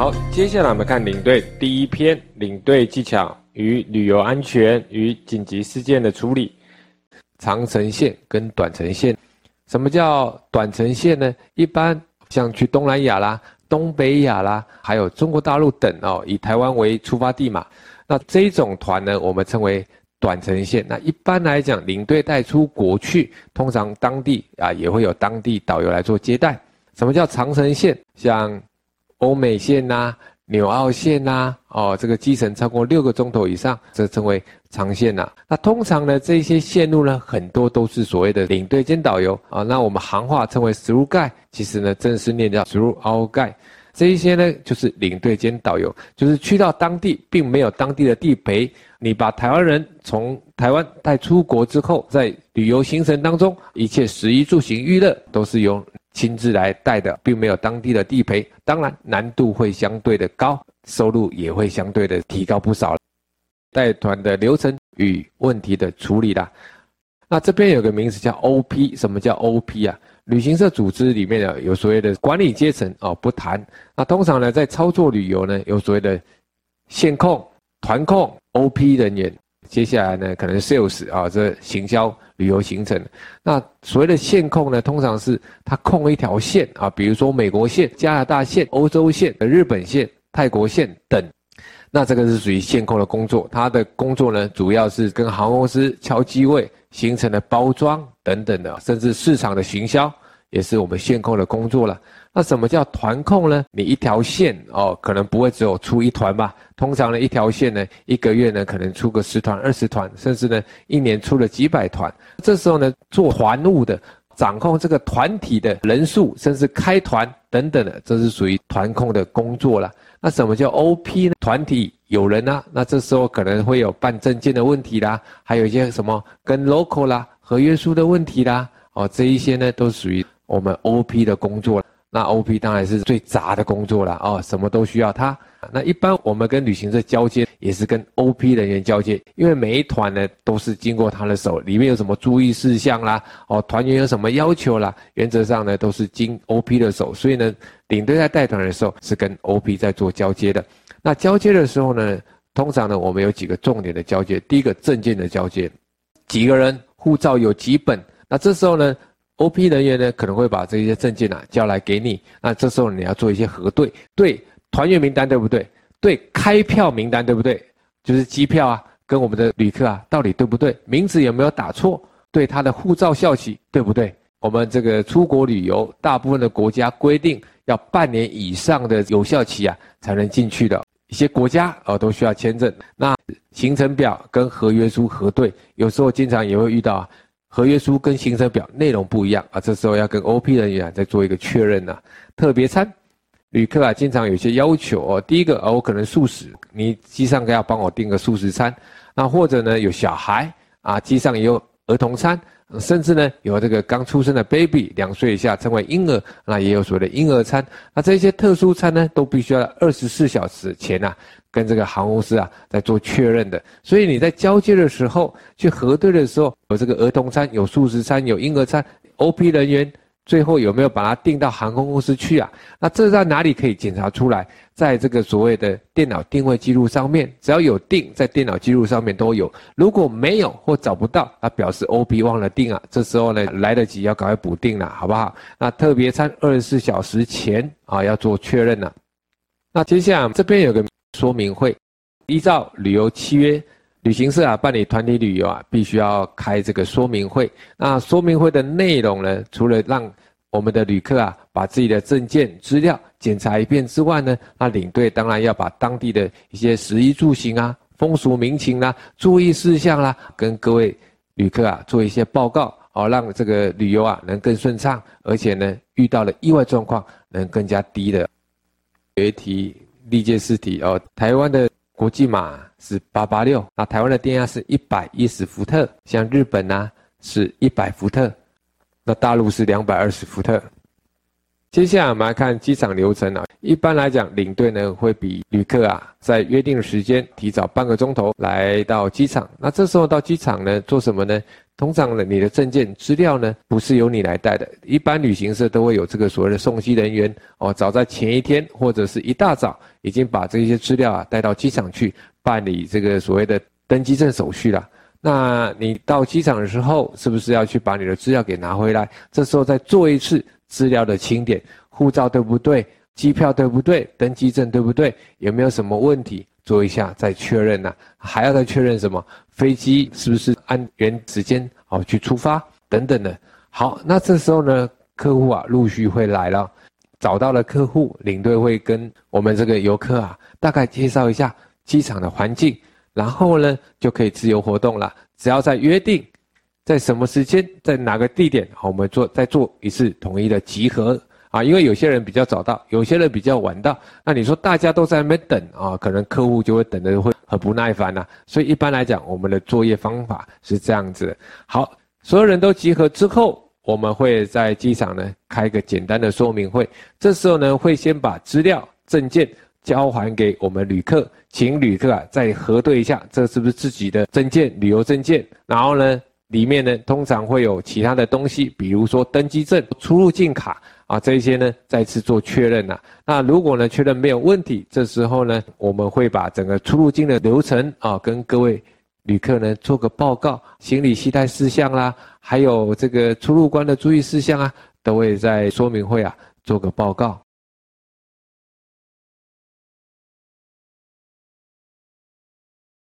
好，接下來我們看領隊第一篇領隊技巧與旅遊安全與緊急事件的處理，長程線跟短程線，什麼叫短程線呢？一般像去東南亞啦、東北亞啦，還有中國大陸等哦，以台灣為出發地嘛，那這一種團呢，我們稱為短程線。那一般來講，領隊帶出國去，通常當地啊也會有當地導遊來做接待。什麼叫長程線？像。歐美線吶、啊，紐澳線吶、啊，哦，這個機程超過六個鐘頭以上，這稱為長線吶、啊。那通常呢，這些線路呢，很多都是所謂的領隊兼導遊啊、哦。那我們行話稱為 through guide，其實呢，正式念叫 through out guide。這一些呢，就是領隊兼導遊，就是去到當地並沒有當地的地陪，你把台灣人從台灣帶出國之後，在旅遊行程當中，一切食衣住行娛樂都是由親自來帶的，並沒有當地的地陪，當然難度會相對的高，收入也會相對的提高不少。帶團的流程與問題的處理啦，那這邊有個名詞叫 OP，什麼叫 OP 啊？旅行社組織裡面呢，有所謂的管理階層哦，不談。那通常呢，在操作旅遊呢，有所謂的線控、團控、OP 人員。接下來呢，可能是 sales 啊，這行銷、旅遊行程。那所謂的線控呢，通常是他控一條線啊，比如說美國線、加拿大線、歐洲線、日本線、泰國線等。那這個是屬於線控的工作，他的工作呢，主要是跟航空公司敲機位、行程的包裝等等的，啊，甚至市場的行銷也是我們線控的工作了。那什麼叫團控呢？你一條線哦，可能不會只有出一團吧。通常呢，一條線呢，一個月呢，可能出個十團、二十團，甚至呢，一年出了幾百團。這時候呢，做團務的，掌控這個團體的人數，甚至開團等等的，這是屬於團控的工作啦。那什麼叫 OP 呢？團體有人啦、啊，那這時候可能會有辦證件的問題啦，還有一些什麼跟 local 啦、合約書的問題啦，哦，這一些呢，都屬於我們 OP 的工作啦。那 OP 當然是最雜的工作了啊，哦，什麼都需要他。那一般我們跟旅行社交接也是跟 OP 人員交接，因為每一團呢都是經過他的手，裡面有什麼注意事項啦，哦，團員有什麼要求啦，原則上呢都是經 OP 的手，所以呢，領隊在帶團的時候是跟 OP 在做交接的。那交接的時候呢，通常呢我們有幾個重點的交接，第一個證件的交接，幾個人護照有幾本，那這時候呢。OP 人員呢可能會把這些證件啊交來給你，那這時候你要做一些核對，對團員名單對不對？對開票名單對不對？就是機票啊跟我們的旅客啊到底對不對？名字有沒有打錯？對他的護照效期對不對？我們這個出國旅遊大部分的國家規定要半年以上的有效期啊才能進去的，一些國家啊都需要簽證。那行程表跟合約書核對，有時候經常也會遇到啊。合約書跟行程表內容不一樣啊，這時候要跟 OP 人員再做一個確認呢、啊。特別餐，旅客啊經常有些要求哦，第一個哦、啊，我可能素食，你機上要幫我訂個素食餐，那或者呢有小孩啊，機上也有兒童餐。甚至呢，有這個剛出生的 baby，兩歲以下稱為嬰兒，那也有所謂的嬰兒餐。那這些特殊餐呢，都必須要二十四小時前呢、啊，跟這個航空公司啊在做確認的。所以你在交接的時候去核對的時候，有這個兒童餐，有素食餐，有嬰兒餐，OP 人員。最後有沒有把它訂到航空公司去啊？那這在哪裡可以檢查出來？在這個所謂的電腦定位記錄上面，只要有訂在電腦記錄上面都有。如果沒有或找不到，那表示 OP 忘了訂啊。這時候呢來得及要趕快補訂了，好不好？那特別餐二十四小時前啊要做確認了。那接下來這邊有個說明會，依照旅遊契約。旅行社啊，辦理團體旅遊啊，必須要開這個說明會。那說明會的內容呢，除了讓我們的旅客啊把自己的證件資料檢查一遍之外呢，那領隊當然要把當地的一些食衣住行啊、風俗民情啊、注意事項啦、啊，跟各位旅客啊做一些報告，哦，讓這個旅遊啊能更順暢，而且呢，遇到了意外狀況能更加低的。別提歷屆試題哦，台灣的。國際碼是八八六，那台灣的電壓是一百一十伏特，像日本呢，是一百伏特，那大陸是兩百二十伏特。接下來我們來看機場流程啊。一般來講，領隊呢會比旅客啊在約定的時間提早半個鐘頭來到機場。那這時候到機場呢做什麼呢？通常呢，你的證件資料呢不是由你來帶的。一般旅行社都會有這個所謂的送機人員哦，早在前一天或者是一大早已經把這些資料啊帶到機場去辦理這個所謂的登機證手續了。那你到機場的時候，是不是要去把你的資料給拿回來？這時候再做一次。資料的清點，護照對不對？機票對不對？登機證對不對？有沒有什麼問題？做一下再確認吶、啊。還要再確認什麼？飛機是不是按原時間好、哦、去出發？等等的。好，那這時候呢，客戶啊陸續會來了，找到了客戶，領隊會跟我們這個遊客啊大概介紹一下機場的環境，然後呢就可以自由活動了，只要在約定。在什麼時間，在哪個地點？好，我們做再做一次統一的集合啊，因為有些人比較早到，有些人比較晚到。那你說大家都在那邊等啊，可能客戶就會等得會很不耐煩吶、啊。所以一般來講，我們的作業方法是這樣子的。好，所有人都集合之後，我們會在機場呢開一個簡單的說明會。這時候呢，會先把資料證件交還給我們旅客，請旅客啊再核對一下，這是不是自己的證件旅遊證件？然後呢？裡面呢，通常會有其他的東西，比如說登機證、出入境卡啊，這些呢再次做確認了啊。那如果呢確認沒有問題，這時候呢，我們會把整個出入境的流程啊，跟各位旅客呢做個報告，行李攜帶事項啦，還有這個出入關的注意事項啊，都會在說明會啊做個報告。